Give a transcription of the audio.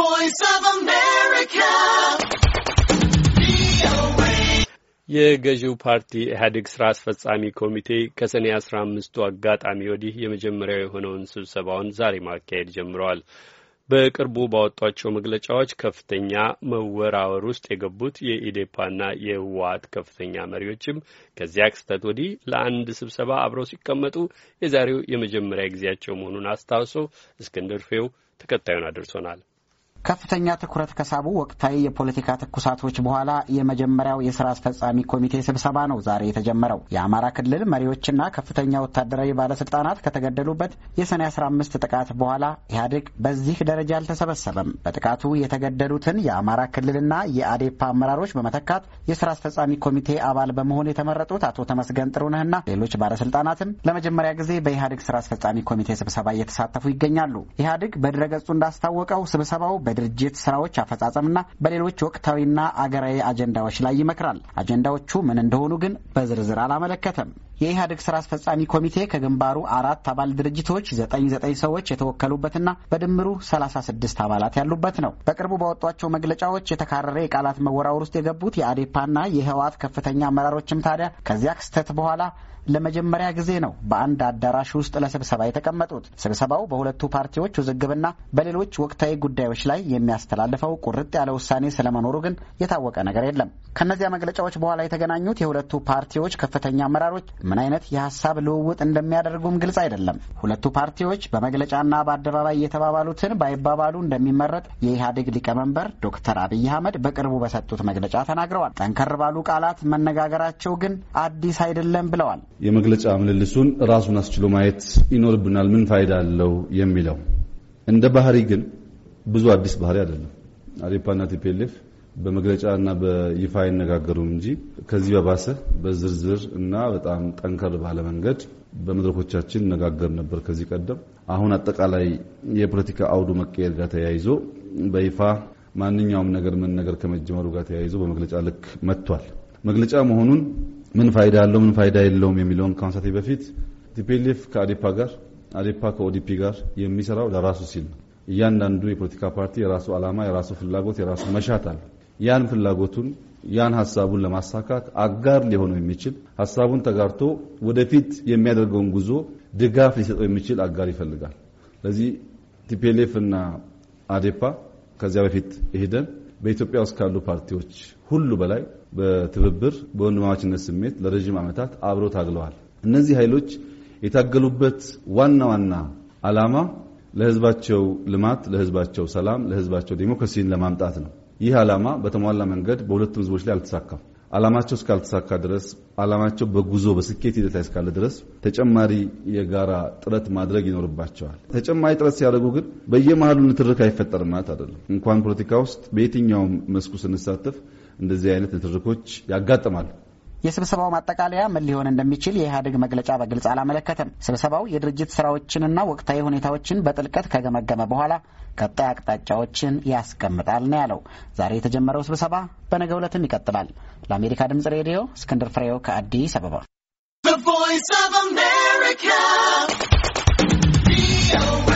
voice of America. የገዢው ፓርቲ ኢህአዴግ ስራ አስፈጻሚ ኮሚቴ ከሰኔ አስራ አምስቱ አጋጣሚ ወዲህ የመጀመሪያው የሆነውን ስብሰባውን ዛሬ ማካሄድ ጀምረዋል። በቅርቡ ባወጧቸው መግለጫዎች ከፍተኛ መወራወር ውስጥ የገቡት የኢዴፓና የህወሓት ከፍተኛ መሪዎችም ከዚያ ክስተት ወዲህ ለአንድ ስብሰባ አብረው ሲቀመጡ የዛሬው የመጀመሪያ ጊዜያቸው መሆኑን አስታውሰው እስክንድር ፌው ተከታዩን አድርሶናል። ከፍተኛ ትኩረት ከሳቡ ወቅታዊ የፖለቲካ ትኩሳቶች በኋላ የመጀመሪያው የስራ አስፈጻሚ ኮሚቴ ስብሰባ ነው ዛሬ የተጀመረው። የአማራ ክልል መሪዎችና ከፍተኛ ወታደራዊ ባለስልጣናት ከተገደሉበት የሰኔ 15 ጥቃት በኋላ ኢህአዴግ በዚህ ደረጃ አልተሰበሰበም። በጥቃቱ የተገደሉትን የአማራ ክልልና የአዴፓ አመራሮች በመተካት የስራ አስፈጻሚ ኮሚቴ አባል በመሆን የተመረጡት አቶ ተመስገን ጥሩነህና ሌሎች ባለስልጣናትም ለመጀመሪያ ጊዜ በኢህአዴግ ስራ አስፈጻሚ ኮሚቴ ስብሰባ እየተሳተፉ ይገኛሉ። ኢህአዴግ በድረገጹ እንዳስታወቀው ስብሰባው በ በድርጅት ስራዎች አፈጻጸምና በሌሎች ወቅታዊና አገራዊ አጀንዳዎች ላይ ይመክራል። አጀንዳዎቹ ምን እንደሆኑ ግን በዝርዝር አላመለከተም። የኢህአዴግ ስራ አስፈጻሚ ኮሚቴ ከግንባሩ አራት አባል ድርጅቶች ዘጠኝ ዘጠኝ ሰዎች የተወከሉበትና በድምሩ ሰላሳ ስድስት አባላት ያሉበት ነው። በቅርቡ ባወጧቸው መግለጫዎች የተካረረ የቃላት መወራወር ውስጥ የገቡት የአዴፓና የህወሓት ከፍተኛ አመራሮችም ታዲያ ከዚያ ክስተት በኋላ ለመጀመሪያ ጊዜ ነው በአንድ አዳራሽ ውስጥ ለስብሰባ የተቀመጡት። ስብሰባው በሁለቱ ፓርቲዎች ውዝግብና በሌሎች ወቅታዊ ጉዳዮች ላይ የሚያስተላልፈው ቁርጥ ያለ ውሳኔ ስለመኖሩ ግን የታወቀ ነገር የለም። ከእነዚያ መግለጫዎች በኋላ የተገናኙት የሁለቱ ፓርቲዎች ከፍተኛ አመራሮች ምን አይነት የሀሳብ ልውውጥ እንደሚያደርጉም ግልጽ አይደለም። ሁለቱ ፓርቲዎች በመግለጫና በአደባባይ የተባባሉትን ባይባባሉ እንደሚመረጥ የኢህአዴግ ሊቀመንበር ዶክተር አብይ አህመድ በቅርቡ በሰጡት መግለጫ ተናግረዋል። ጠንከር ባሉ ቃላት መነጋገራቸው ግን አዲስ አይደለም ብለዋል። የመግለጫ ምልልሱን ራሱን አስችሎ ማየት ይኖርብናል። ምን ፋይዳ አለው የሚለው እንደ ባህሪ ግን ብዙ አዲስ ባህሪ አይደለም። አሪፓና ቲፒኤልኤፍ በመግለጫ በይፋ አይነጋገሩም እንጂ ከዚህ በባሰ በዝርዝር እና በጣም ጠንከር ባለ መንገድ በመድረኮቻችን እነጋገር ነበር ከዚህ ቀደም። አሁን አጠቃላይ የፖለቲካ አውዱ መቀየር ጋር ተያይዞ በይፋ ማንኛውም ነገር ምን ነገር ከመጀመሩ ጋር ተያይዞ በመግለጫ ልክ መጥቷል። መግለጫ መሆኑን ምን ፋይዳ አለው ምን ፋይዳ የለውም የሚለውን ከማንሳቴ በፊት ቲፒኤልኤፍ ከአዴፓ ጋር አዴፓ ከኦዲፒ ጋር የሚሰራው ለራሱ ሲል ነው። እያንዳንዱ የፖለቲካ ፓርቲ የራሱ ዓላማ፣ የራሱ ፍላጎት፣ የራሱ መሻት አለው። ያን ፍላጎቱን ያን ሀሳቡን ለማሳካት አጋር ሊሆነው የሚችል ሀሳቡን ተጋርቶ ወደፊት የሚያደርገውን ጉዞ ድጋፍ ሊሰጠው የሚችል አጋር ይፈልጋል። ስለዚህ ቲፒኤልኤፍ እና አዴፓ ከዚያ በፊት ሄደን በኢትዮጵያ ውስጥ ካሉ ፓርቲዎች ሁሉ በላይ በትብብር በወንድማማችነት ስሜት ለረዥም ዓመታት አብረው ታግለዋል። እነዚህ ኃይሎች የታገሉበት ዋና ዋና ዓላማ ለህዝባቸው ልማት፣ ለህዝባቸው ሰላም፣ ለህዝባቸው ዴሞክራሲን ለማምጣት ነው። ይህ ዓላማ በተሟላ መንገድ በሁለቱም ህዝቦች ላይ አልተሳካም። ዓላማቸው እስካልተሳካ ድረስ ዓላማቸው በጉዞ በስኬት ሂደት ላይ እስካለ ድረስ ተጨማሪ የጋራ ጥረት ማድረግ ይኖርባቸዋል። ተጨማሪ ጥረት ሲያደርጉ ግን በየመሀሉ ንትርክ አይፈጠርም ማለት አይደለም። እንኳን ፖለቲካ ውስጥ በየትኛውም መስኩ ስንሳተፍ እንደዚህ አይነት ንትርኮች ያጋጥማሉ። የስብሰባው ማጠቃለያ ምን ሊሆን እንደሚችል የኢህአዴግ መግለጫ በግልጽ አላመለከተም። ስብሰባው የድርጅት ስራዎችንና ወቅታዊ ሁኔታዎችን በጥልቀት ከገመገመ በኋላ ቀጣይ አቅጣጫዎችን ያስቀምጣል ነው ያለው። ዛሬ የተጀመረው ስብሰባ በነገ ዕለትም ይቀጥላል። ለአሜሪካ ድምጽ ሬዲዮ እስክንድር ፍሬው ከአዲስ አበባ። The Voice of America.